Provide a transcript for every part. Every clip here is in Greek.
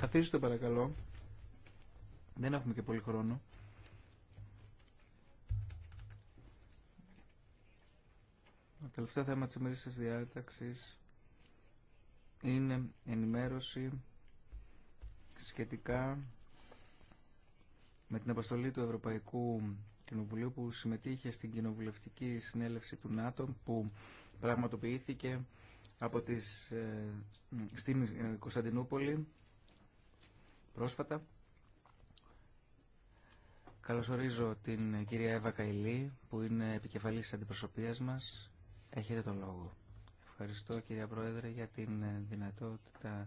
Καθίστε παρακαλώ. Δεν έχουμε και πολύ χρόνο. Το τελευταίο θέμα της ημερής διάταξης είναι ενημέρωση σχετικά με την αποστολή του Ευρωπαϊκού Κοινοβουλίου που συμμετείχε στην κοινοβουλευτική συνέλευση του ΝΑΤΟ που πραγματοποιήθηκε από τις, ε, στην ε, Κωνσταντινούπολη πρόσφατα. Καλωσορίζω την ε, κυρία Εύα Καηλή που είναι επικεφαλής αντιπροσωπείας μας. Έχετε τον λόγο. Ευχαριστώ κυρία Πρόεδρε για την δυνατότητα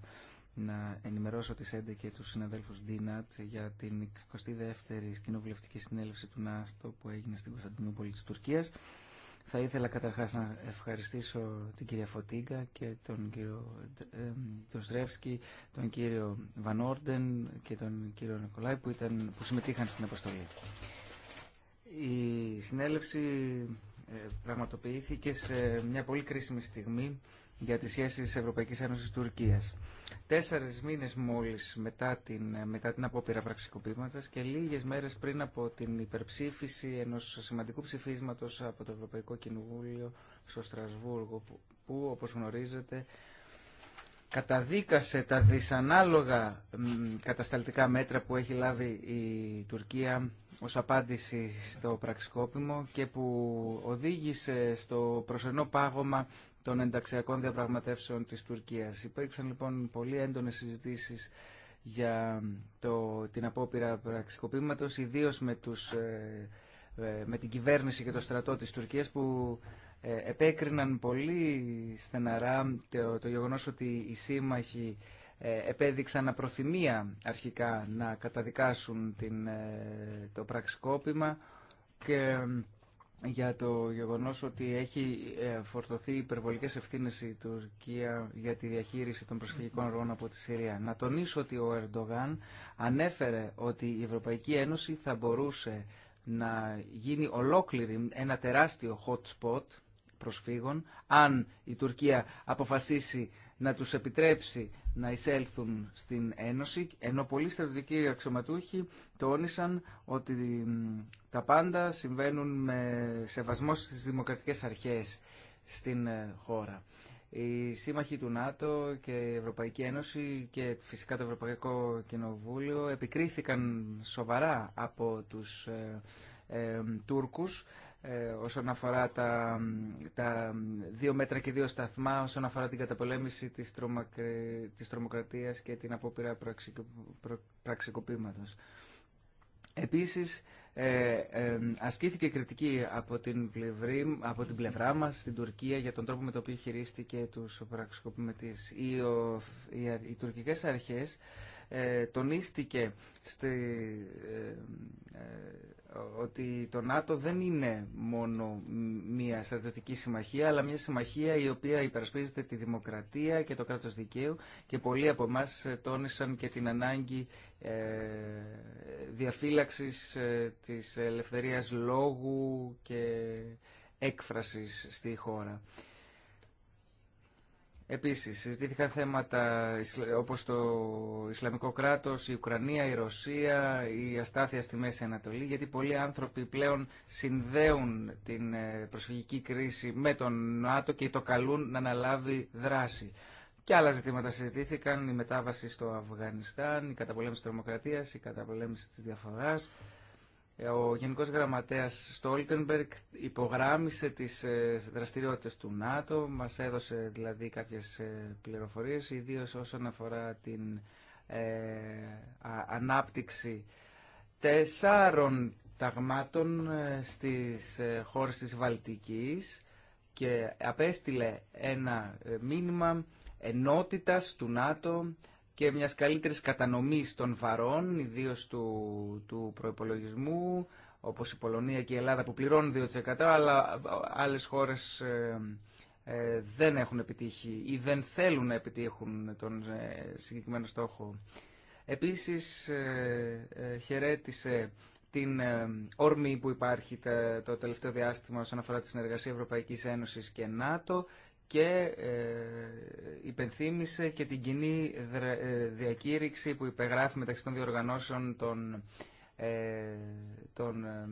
να ενημερώσω τις 11 και τους συναδέλφους DNAT για την 22η Κοινοβουλευτική Συνέλευση του ΝΑΣΤΟ που έγινε στην Κωνσταντινούπολη της Τουρκίας. Θα ήθελα καταρχάς να ευχαριστήσω την κυρία Φωτίγκα και τον κύριο τον Στρεύσκη, τον κύριο Βανόρντεν και τον κύριο Νικολάη που, ήταν, που συμμετείχαν στην αποστολή. Η συνέλευση ε, πραγματοποιήθηκε σε μια πολύ κρίσιμη στιγμή για τις σχέσεις της Ευρωπαϊκής Ένωσης Τουρκίας. Τέσσερις μήνες μόλις μετά την, μετά την απόπειρα πραξικοπήματος και λίγες μέρες πριν από την υπερψήφιση ενός σημαντικού ψηφίσματος από το Ευρωπαϊκό Κοινοβούλιο στο Στρασβούργο που, που όπως γνωρίζετε καταδίκασε τα δυσανάλογα κατασταλτικά μέτρα που έχει λάβει η Τουρκία ως απάντηση στο πραξικόπημο και που οδήγησε στο προσωρινό πάγωμα των ενταξιακών διαπραγματεύσεων της Τουρκίας. Υπήρξαν λοιπόν πολύ έντονες συζητήσεις για το, την απόπειρα πραξικοπήματος, ιδίως με, τους, ε, ε, με την κυβέρνηση και το στρατό της Τουρκίας που ε, επέκριναν πολύ στεναρά το, το γεγονός ότι οι σύμμαχοι επέδειξαν απροθυμία αρχικά να καταδικάσουν την, το πραξικόπημα και για το γεγονός ότι έχει ε, φορτωθεί υπερβολικές ευθύνες η Τουρκία για τη διαχείριση των προσφυγικών ροών από τη Συρία. Να τονίσω ότι ο Ερντογάν ανέφερε ότι η Ευρωπαϊκή Ένωση θα μπορούσε να γίνει ολόκληρη ένα τεράστιο hot spot προσφύγων αν η Τουρκία αποφασίσει να τους επιτρέψει να εισέλθουν στην Ένωση, ενώ πολλοί στρατιωτικοί αξιωματούχοι τόνισαν ότι τα πάντα συμβαίνουν με σεβασμό στις δημοκρατικές αρχές στην ε, χώρα. Οι σύμμαχοι του ΝΑΤΟ και η Ευρωπαϊκή Ένωση και φυσικά το Ευρωπαϊκό Κοινοβούλιο επικρίθηκαν σοβαρά από τους ε, ε, Τούρκους ε, όσον αφορά τα, τα δύο μέτρα και δύο σταθμά, όσον αφορά την καταπολέμηση της, τρομοκρατίας και την απόπειρα πραξικοπήματος. Επίσης, ε, ε, ασκήθηκε κριτική από την, πλευρή, από την πλευρά μας στην Τουρκία για τον τρόπο με τον οποίο χειρίστηκε τους πραξικοπηματίες. Οι, οι, οι τουρκικές αρχές ε, τονίστηκε στη, ε, ε, ότι το ΝΑΤΟ δεν είναι μόνο μια στρατιωτική συμμαχία, αλλά μια συμμαχία η οποία υπερασπίζεται τη δημοκρατία και το κράτος δικαίου και πολλοί από εμά τόνισαν και την ανάγκη διαφύλαξης της ελευθερίας λόγου και έκφρασης στη χώρα. Επίσης, συζητήθηκαν θέματα όπως το Ισλαμικό κράτος, η Ουκρανία, η Ρωσία, η αστάθεια στη Μέση Ανατολή, γιατί πολλοί άνθρωποι πλέον συνδέουν την ε, προσφυγική κρίση με τον ΝΑΤΟ και το καλούν να αναλάβει δράση. Και άλλα ζητήματα συζητήθηκαν, η μετάβαση στο Αφγανιστάν, η καταπολέμηση της τρομοκρατίας, η καταπολέμηση της διαφοράς. Ε, ο Γενικός Γραμματέας Στόλτεμπεργκ υπογράμμισε τις ε, δραστηριότητες του ΝΑΤΟ, μας έδωσε δηλαδή κάποιες ε, πληροφορίες, ιδίω όσον αφορά την ανάπτυξη τεσσάρων ταγμάτων στις χώρες της Βαλτικής και απέστειλε ένα μήνυμα ενότητας του ΝΑΤΟ και μια καλύτερη κατανομή των βαρών, ιδίω του, του προϋπολογισμού, όπως η Πολωνία και η Ελλάδα που πληρώνουν 2%, αλλά ε, άλλες χώρες ε, ε, δεν έχουν επιτύχει ή δεν θέλουν να επιτύχουν τον συγκεκριμένο στόχο. Επίσης, χαιρέτησε την όρμη που υπάρχει το τελευταίο διάστημα όσον αφορά τη συνεργασία Ευρωπαϊκής Ένωσης και ΝΑΤΟ και ε, υπενθύμησε και την κοινή ε, διακήρυξη που υπεγράφει μεταξύ των διοργανώσεων των τον ε,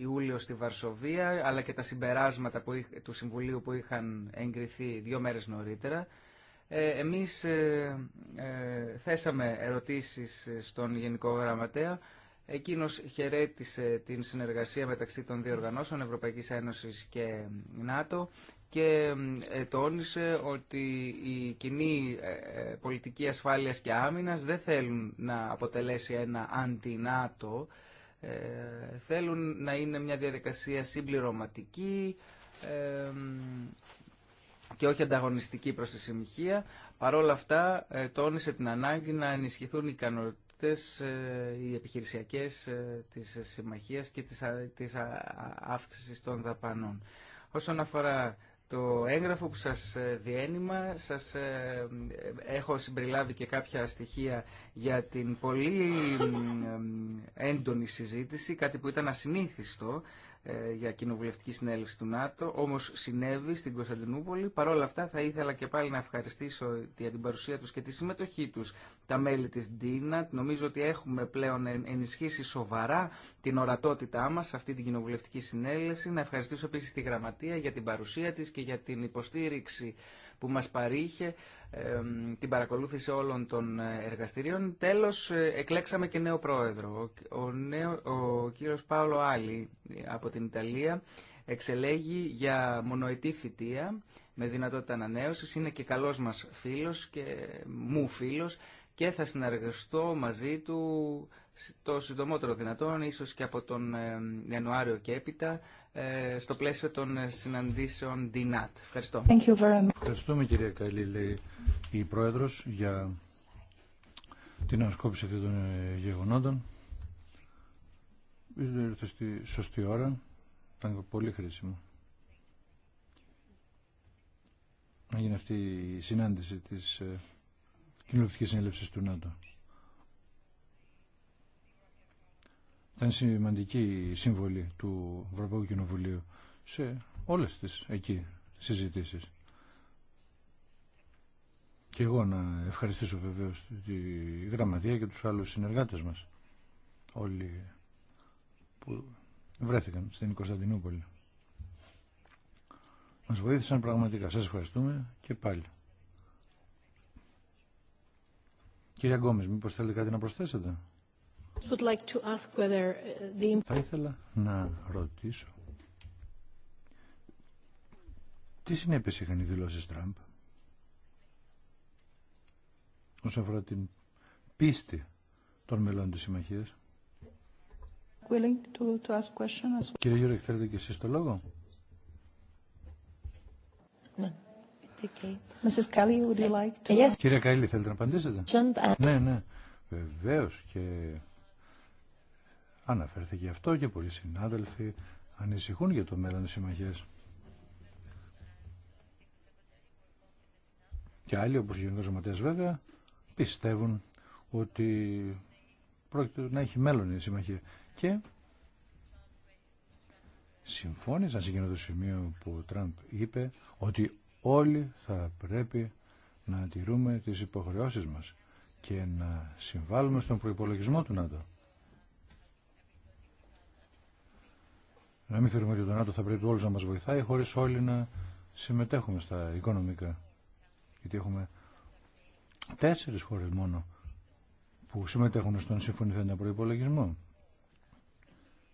Ιούλιο στη Βαρσοβία αλλά και τα συμπεράσματα που, του Συμβουλίου που είχαν εγκριθεί δύο μέρες νωρίτερα. Εμείς θέσαμε ερωτήσεις στον Γενικό Γραμματέα. Εκείνος χαιρέτησε την συνεργασία μεταξύ των διοργανώσεων Ευρωπαϊκής Ένωσης και ΝΑΤΟ και ε, τόνισε ότι οι κοινή ε, ε, πολιτική ασφάλειας και άμυνας δεν θέλουν να αποτελέσει ένα αντινάτο, θέλουν να είναι μια διαδικασία συμπληρωματική και όχι ανταγωνιστική προς τη συμμαχία. Παρ' όλα αυτά τόνισε την ανάγκη να ενισχυθούν οι ικανότητες, οι επιχειρησιακές της συμμαχίας και της αύξησης των δαπανών. Όσον αφορά το έγγραφο που σας ε, διένυμα, σας ε, ε, έχω συμπεριλάβει και κάποια στοιχεία για την πολύ έντονη συζήτηση, κάτι που ήταν ασυνήθιστο ε, για κοινοβουλευτική συνέλευση του ΝΑΤΟ, όμως συνέβη στην Κωνσταντινούπολη. όλα αυτά θα ήθελα και πάλι να ευχαριστήσω για την παρουσία τους και τη συμμετοχή τους τα μέλη της ΔΙΝΑΤ. Νομίζω ότι έχουμε πλέον ενισχύσει σοβαρά την ορατότητά μας σε αυτή την κοινοβουλευτική συνέλευση. Να ευχαριστήσω επίσης τη Γραμματεία για την παρουσία της και για την υποστήριξη που μας παρήχε την παρακολούθηση όλων των ε, εργαστηρίων. Τέλος, ε, εκλέξαμε και νέο πρόεδρο. Ο, νέο, ο κύριος Πάολο Άλλη ε, από την Ιταλία εξελέγει για μονοετή θητεία με δυνατότητα ανανέωσης. Είναι και καλός μας φίλος και μου φίλος και θα συνεργαστώ μαζί του το συντομότερο δυνατόν, ίσως και από τον Ιανουάριο και έπειτα, ε, στο πλαίσιο των συναντήσεων DINAT. Ευχαριστώ. Thank you very Ευχαριστούμε κυρία Καλή, λέει η Πρόεδρος, για την ανασκόπηση αυτών των ε, γεγονότων. Ήρθε στη σωστή ώρα. Ήταν πολύ χρήσιμο. να γίνει αυτή η συνάντηση της ε, Κοινοβουλευτικής Συνέλευσης του ΝΑΤΟ. Ήταν σημαντική η σύμβολη του Ευρωπαϊκού Κοινοβουλίου σε όλες τις εκεί συζητήσεις. Και εγώ να ευχαριστήσω βεβαίως τη Γραμματεία και τους άλλους συνεργάτες μας. Όλοι που βρέθηκαν στην Κωνσταντινούπολη. Μας βοήθησαν πραγματικά. Σας ευχαριστούμε και πάλι. Κύριε Γκόμες, μήπως θέλετε κάτι να προσθέσετε. Uh, Θα ήθελα να ρωτήσω τι συνέπειες είχαν οι δηλώσεις Τραμπ όσον αφορά την πίστη των μελών της συμμαχίας. Κύριε Γιώργη, θέλετε και εσείς το λόγο. Ναι. Κύριε Καλή, θέλετε να απαντήσετε. Uh, ναι, ναι. Βεβαίω και Αναφέρθηκε αυτό και πολλοί συνάδελφοι ανησυχούν για το μέλλον της συμμαχίας. Και άλλοι, όπως οι γενικός βέβαια, πιστεύουν ότι πρόκειται να έχει μέλλον η συμμαχία. Και συμφώνησαν σε εκείνο το σημείο που ο Τραμπ είπε ότι όλοι θα πρέπει να τηρούμε τις υποχρεώσεις μας και να συμβάλλουμε στον προϋπολογισμό του ΝΑΤΟ. Να μην θεωρούμε ότι το ΝΑΤΟ θα πρέπει όλου να μας βοηθάει χωρίς όλοι να συμμετέχουμε στα οικονομικά. Γιατί έχουμε τέσσερι χώρε μόνο που συμμετέχουν στον συμφωνηθέντα προπολογισμό.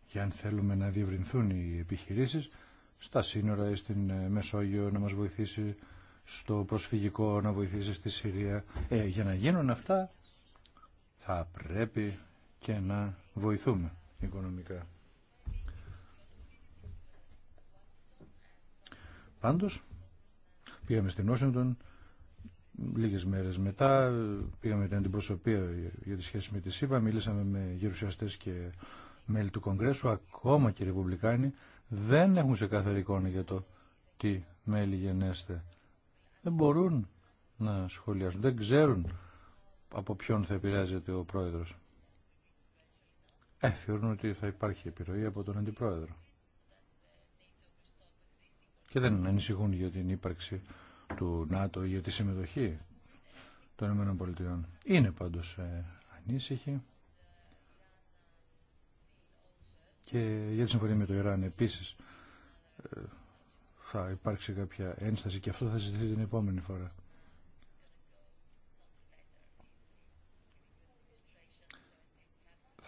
Και αν θέλουμε να διευρυνθούν οι επιχειρήσεις στα σύνορα ή στην ε, Μεσόγειο να μας βοηθήσει στο προσφυγικό, να βοηθήσει στη Συρία. Ε, για να γίνουν αυτά θα πρέπει και να βοηθούμε οικονομικά. Πάντως, πήγαμε στην οσυντών λίγες μέρες μετά, πήγαμε την αντιπροσωπεία για τη σχέση με τη ΣΥΠΑ, μιλήσαμε με γερουσιαστές και μέλη του Κογκρέσου, ακόμα και οι Ρεπουμπλικάνοι, δεν έχουν σε κάθε εικόνα για το τι μέλη γενέστε. Δεν μπορούν να σχολιάσουν, δεν ξέρουν από ποιον θα επηρεάζεται ο πρόεδρος. Ε, θεωρούν ότι θα υπάρχει επιρροή από τον αντιπρόεδρο και δεν ανησυχούν για την ύπαρξη του ΝΑΤΟ ή για τη συμμετοχή των ΗΠΑ. Είναι πάντως ε, ανήσυχοι και για τη συμφωνία με το Ιράν επίσης ε, θα υπάρξει κάποια ένσταση και αυτό θα ζητηθεί την επόμενη φορά.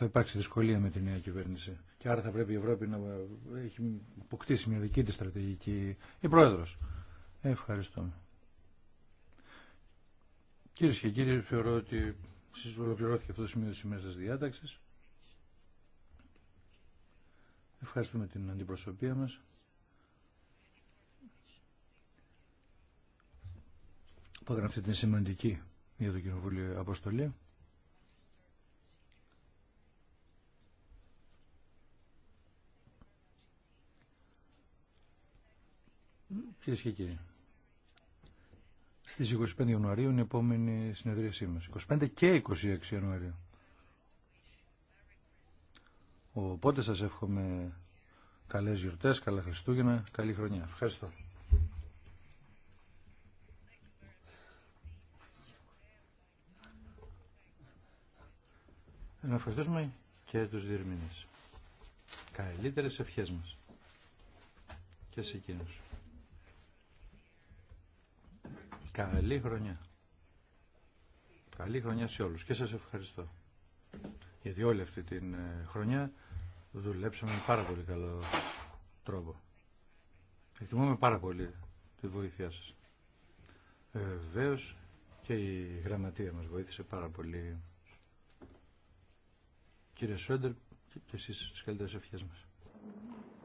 θα υπάρξει δυσκολία με τη νέα κυβέρνηση. Και άρα θα πρέπει η Ευρώπη να έχει αποκτήσει μια δική της στρατηγική. Η Πρόεδρος. Ευχαριστώ. Κυρίε και κύριοι, θεωρώ ότι ολοκληρώθηκε αυτό το σημείο της ημέρας της Ευχαριστούμε την αντιπροσωπεία μας. Πότε αυτή την σημαντική για το Κοινοβούλιο Αποστολή. Κυρίε και κύριοι, στις 25 Ιανουαρίου είναι η επόμενη συνεδρίασή μα 25 και 26 Ιανουαρίου. Οπότε σας εύχομαι καλές γιορτές, καλά Χριστούγεννα, καλή χρονιά. Ευχαριστώ. Να ευχαριστούμε και τους διερμηνείς. Καλύτερες ευχές μας. Και σε εκείνους. Καλή χρονιά. Καλή χρονιά σε όλους και σας ευχαριστώ. Γιατί όλη αυτή την ε, χρονιά δουλέψαμε με πάρα πολύ καλό τρόπο. Εκτιμούμε πάρα πολύ τη βοήθειά σας. Ε, Βεβαίω και η γραμματεία μας βοήθησε πάρα πολύ. Κύριε Σόντερ, και εσείς τις καλύτερες ευχές μας.